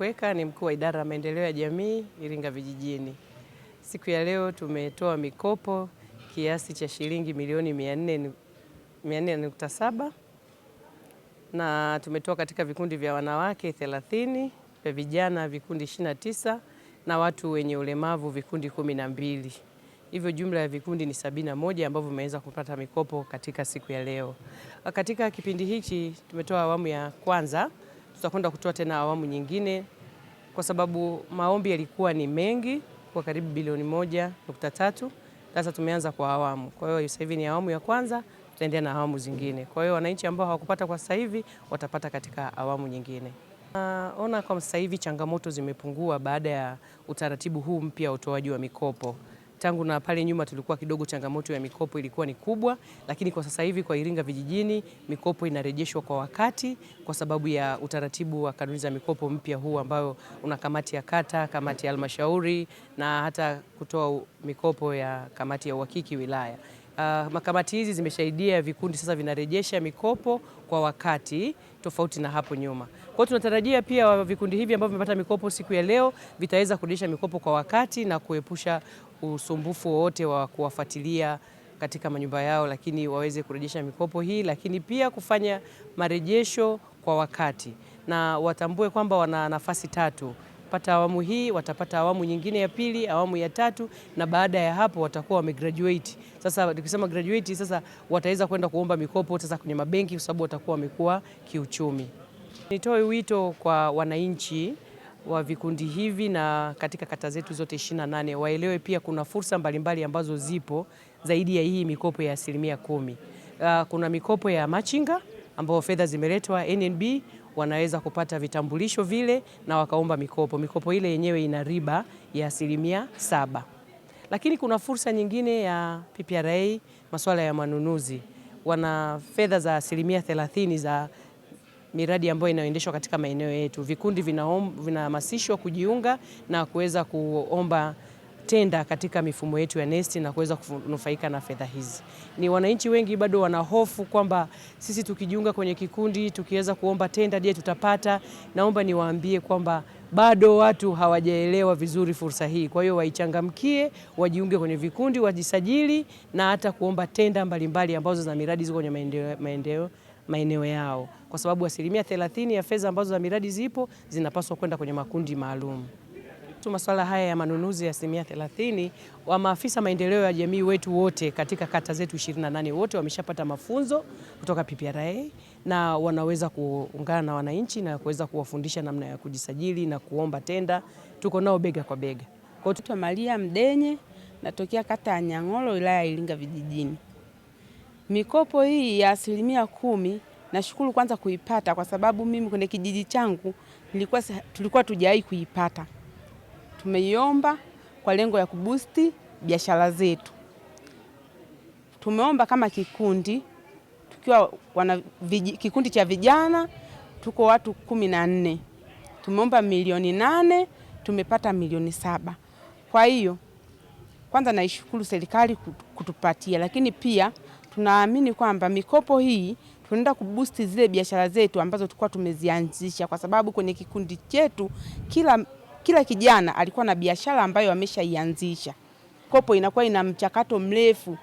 Kweka ni mkuu wa idara ya maendeleo ya jamii Iringa vijijini. Siku ya leo tumetoa mikopo kiasi cha shilingi milioni 400.7 na tumetoa katika vikundi vya wanawake 30, vya vijana vikundi 29 na watu wenye ulemavu vikundi kumi na mbili. Hivyo jumla ya vikundi ni sabini moja ambavyo vimeweza kupata mikopo katika siku ya leo. Katika kipindi hichi tumetoa awamu ya kwanza tutakwenda kutoa tena awamu nyingine, kwa sababu maombi yalikuwa ni mengi kwa karibu bilioni moja nukta tatu. Sasa tumeanza kwa awamu, kwa hiyo sasa hivi ni awamu ya kwanza, tutaendelea na awamu zingine. Kwa hiyo wananchi ambao hawakupata kwa sasa hivi watapata katika awamu nyingine. Naona uh, kwa sasa hivi changamoto zimepungua baada ya utaratibu huu mpya wa utoaji wa mikopo tangu na pale nyuma tulikuwa kidogo changamoto ya mikopo ilikuwa ni kubwa, lakini kwa sasa hivi kwa Iringa vijijini mikopo inarejeshwa kwa wakati kwa sababu ya utaratibu wa kanuni za mikopo mpya huu ambao una kamati ya kata, kamati ya halmashauri na hata kutoa mikopo ya kamati ya uhakiki wilaya. Uh, makamati hizi zimeshaidia vikundi sasa vinarejesha mikopo kwa wakati tofauti na hapo nyuma. Kwa hiyo tunatarajia pia vikundi hivi ambavyo vimepata mikopo siku ya leo vitaweza kurejesha mikopo kwa wakati na kuepusha usumbufu wowote wa kuwafuatilia katika manyumba yao, lakini waweze kurejesha mikopo hii, lakini pia kufanya marejesho kwa wakati, na watambue kwamba wana nafasi tatu pata awamu hii, watapata awamu nyingine ya pili, awamu ya tatu, na baada ya hapo watakuwa wamegraduate. Sasa nikisema graduate, sasa wataweza kwenda kuomba mikopo sasa kwenye mabenki, kwa sababu watakuwa wamekuwa kiuchumi. Nitoe wito kwa wananchi wa vikundi hivi na katika kata zetu zote 28 waelewe pia kuna fursa mbalimbali ambazo zipo zaidi ya hii mikopo ya asilimia kumi. Uh, kuna mikopo ya machinga ambao fedha zimeletwa NNB, wanaweza kupata vitambulisho vile na wakaomba mikopo. Mikopo ile yenyewe ina riba ya asilimia saba, lakini kuna fursa nyingine ya PPRA, masuala ya manunuzi, wana fedha za asilimia 30 za miradi ambayo inaoendeshwa katika maeneo yetu. Vikundi vinahamasishwa vina kujiunga na kuweza kuomba tenda katika mifumo yetu ya NeST na kuweza kunufaika na fedha hizi. Ni wananchi wengi bado wanahofu kwamba sisi tukijiunga kwenye kikundi tukiweza kuomba tenda, je, tutapata? Naomba niwaambie kwamba bado watu hawajaelewa vizuri fursa hii. Kwa hiyo waichangamkie, wajiunge kwenye vikundi, wajisajili na hata kuomba tenda mbalimbali mbali ambazo za miradi ziko kwenye maendeleo maeneo yao, kwa sababu asilimia 30 ya fedha ambazo za miradi zipo zinapaswa kwenda kwenye makundi maalum tu. Masuala haya ya manunuzi ya asilimia 30, wa maafisa maendeleo ya jamii wetu wote katika kata zetu 28 wote wameshapata mafunzo kutoka PPRA na wanaweza kuungana na wananchi na kuweza kuwafundisha namna ya kujisajili na kuomba tenda. Tuko nao bega kwa bega. Kwa tutamalia Mdenye natokea kata ya nyangolo wilaya ya Iringa vijijini. Mikopo hii ya asilimia kumi nashukuru kwanza kuipata kwa sababu mimi kwenye kijiji changu nilikuwa tulikuwa tujawahi kuipata. Tumeiomba kwa lengo ya kubusti biashara zetu. Tumeomba kama kikundi tukiwa wana kikundi cha vijana tuko watu kumi na nne. Tumeomba milioni nane tumepata milioni saba. Kwa hiyo kwanza naishukuru serikali kutupatia, lakini pia tunaamini kwamba mikopo hii tunaenda kubusti zile biashara zetu ambazo tulikuwa tumezianzisha, kwa sababu kwenye kikundi chetu kila, kila kijana alikuwa na biashara ambayo ameshaianzisha. Kopo inakuwa ina mchakato mrefu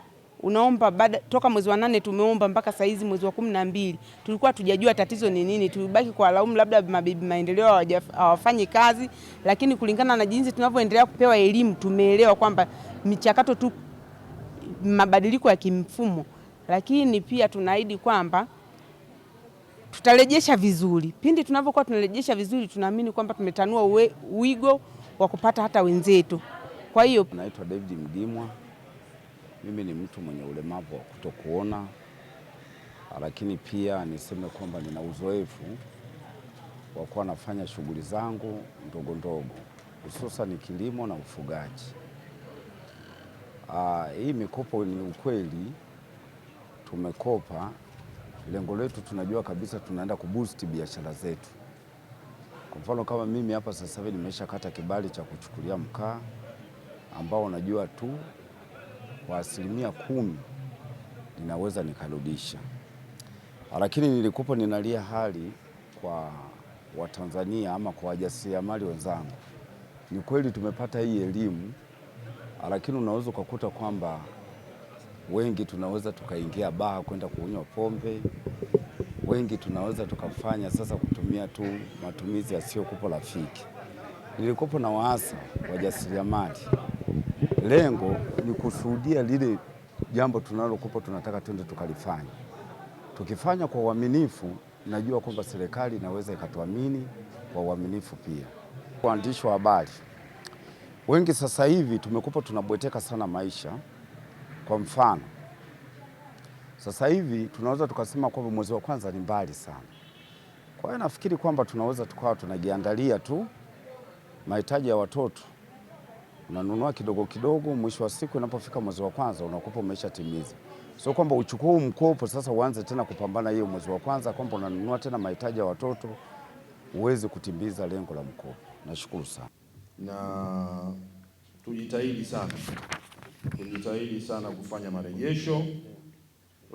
unaomba baada toka mwezi wa nane tumeomba mpaka saizi mwezi wa kumi na mbili tulikuwa tujajua tatizo ni nini, tulibaki kwa laumu labda mabibi maendeleo hawafanyi kazi, lakini kulingana na jinsi tunavyoendelea kupewa elimu tumeelewa kwamba michakato tu, mabadiliko ya kimfumo lakini pia tunaahidi kwamba tutarejesha vizuri. Pindi tunavyokuwa tunarejesha vizuri, tunaamini kwamba tumetanua wigo wa kupata hata wenzetu. Kwa hiyo, naitwa David Mgimwa, mimi ni mtu mwenye ulemavu wa kutokuona, lakini pia niseme kwamba nina uzoefu wa kuwa nafanya shughuli zangu ndogo ndogo hususan kilimo na ufugaji. Aa, hii mikopo ni ukweli tumekopa, lengo letu tunajua kabisa tunaenda kuboost biashara zetu. Kwa mfano kama mimi hapa sasa hivi nimesha kata kibali cha kuchukulia mkaa ambao najua tu kwa asilimia kumi ninaweza nikarudisha, lakini nilikupo ninalia hali kwa Watanzania ama kwa wajasiriamali wenzangu. Ni kweli tumepata hii elimu, lakini unaweza ukakuta kwamba Wengi tunaweza tukaingia baa kwenda kunywa pombe, wengi tunaweza tukafanya sasa kutumia tu matumizi yasiyokupo rafiki. Nilikopo na waasa wajasiriamali, lengo ni kushuhudia lile jambo tunalokopo tunataka twende tukalifanya. Tukifanya kwa uaminifu, najua kwamba serikali inaweza ikatuamini kwa uaminifu pia. Waandishi wa habari wengi sasa hivi tumekopa tunabweteka sana maisha kwa mfano sasa hivi tunaweza tukasema kwamba mwezi wa kwanza ni mbali sana. Kwa hiyo nafikiri kwamba tunaweza tukawa tunajiandalia tu mahitaji ya watoto, unanunua kidogo kidogo, mwisho wa siku inapofika mwezi wa kwanza unakopa umesha timiza, sio kwamba uchukue mkopo sasa uanze tena kupambana hiyo mwezi wa kwanza kwamba unanunua tena mahitaji ya watoto uweze kutimiza lengo la mkopo. Nashukuru sana na tujitahidi sana kujitahidi sana kufanya marejesho,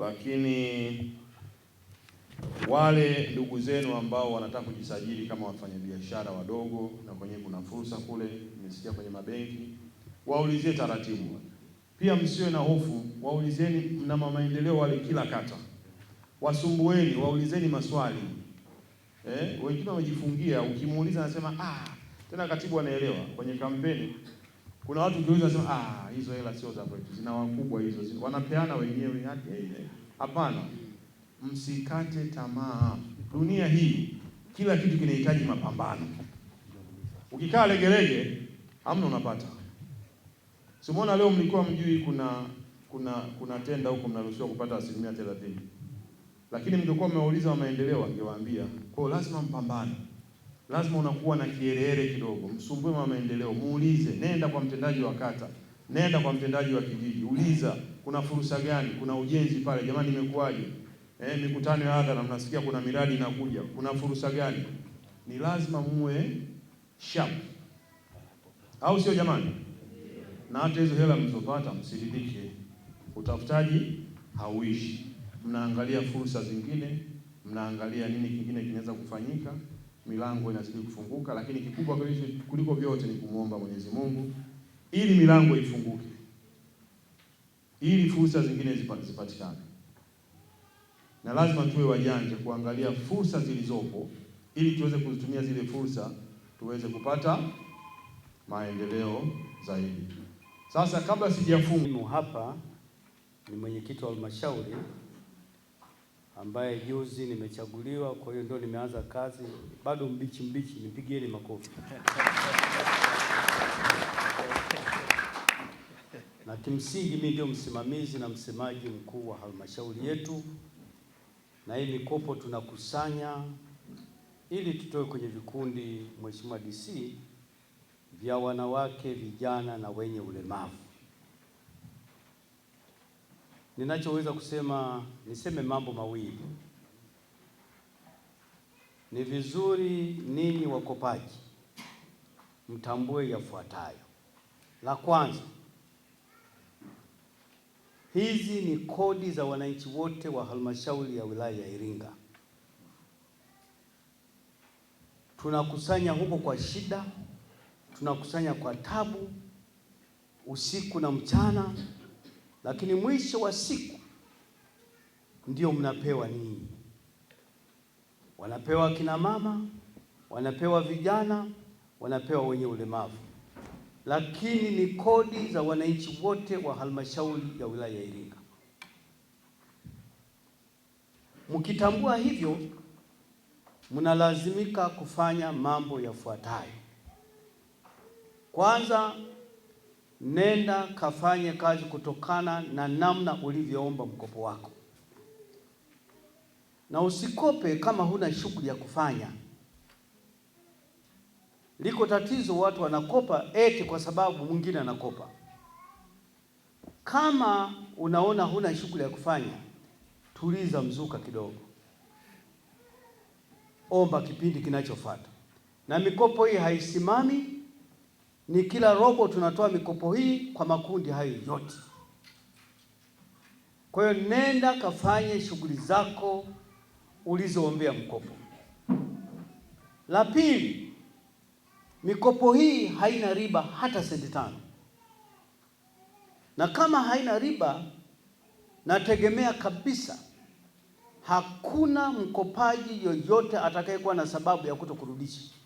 lakini wale ndugu zenu ambao wanataka kujisajili kama wafanyabiashara wadogo, na kwenye kuna fursa kule, nimesikia kwenye mabenki, waulizie taratibu. Pia msiwe na hofu, waulizeni na maendeleo wale kila kata, wasumbueni, waulizeni maswali eh. Wengine wamejifungia, ukimuuliza anasema ah, tena katibu anaelewa. Kwenye kampeni kuna watu ukiuliza sema ah, hizo hela sio za kwetu, zina wakubwa hizo, zina, wanapeana wenyewe. Hapana, msikate tamaa. Dunia hii kila kitu kinahitaji mapambano. Ukikaa legelege hamna unapata. Simona leo mlikuwa mjui kuna kuna kuna tenda huko mnaruhusiwa kupata asilimia thelathini, lakini mngekuwa mmeuliza wa maendeleo wangewaambia. kwao, lazima mpambane lazima unakuwa na kiherehere kidogo. Msumbue mama maendeleo, muulize. Nenda kwa mtendaji wa kata, nenda kwa mtendaji wa kijiji, uliza kuna fursa gani, kuna ujenzi pale, jamani, imekuwaje? Eh, mikutano ya hadhara, mnasikia kuna miradi inakuja, kuna fursa gani? Ni lazima muwe sharp, au sio jamani? Na hata hizo hela mlizopata msiridike, utafutaji hauishi, mnaangalia fursa zingine, mnaangalia nini kingine kinaweza kufanyika milango inazidi kufunguka, lakini kikubwa kuliko vyote ni kumwomba Mwenyezi Mungu ili milango ifunguke, ili fursa zingine zipatikane, na lazima tuwe wajanja kuangalia fursa zilizopo ili tuweze kuzitumia zile fursa tuweze kupata maendeleo zaidi. Sasa kabla sijafunga hapa, ni mwenyekiti wa halmashauri ambaye juzi nimechaguliwa, kwa hiyo ndio nimeanza kazi, bado mbichi mbichi, nipigieni makofi. Na kimsingi mimi ndio msimamizi na msemaji mkuu wa halmashauri yetu, na hii mikopo tunakusanya ili tutoe kwenye vikundi, Mheshimiwa DC, vya wanawake, vijana na wenye ulemavu. Ninachoweza kusema niseme mambo mawili. Ni vizuri ninyi wakopaji mtambue yafuatayo. La kwanza, hizi ni kodi za wananchi wote wa halmashauri ya wilaya ya Iringa. Tunakusanya huko kwa shida, tunakusanya kwa tabu, usiku na mchana lakini mwisho wa siku ndio mnapewa ninyi. Wanapewa kina mama, wanapewa vijana, wanapewa wenye ulemavu, lakini ni kodi za wananchi wote wa halmashauri ya wilaya ya Iringa. Mkitambua hivyo, mnalazimika kufanya mambo yafuatayo. Kwanza, nenda kafanye kazi kutokana na namna ulivyoomba mkopo wako, na usikope kama huna shughuli ya kufanya. Liko tatizo, watu wanakopa eti kwa sababu mwingine anakopa. Kama unaona huna shughuli ya kufanya, tuliza mzuka kidogo, omba kipindi kinachofuata. Na mikopo hii haisimami ni kila robo tunatoa mikopo hii kwa makundi hayo yote. Kwa hiyo nenda kafanye shughuli zako ulizoombea mkopo. La pili, mikopo hii haina riba hata senti tano, na kama haina riba nategemea kabisa hakuna mkopaji yoyote atakayekuwa na sababu ya kutokurudisha.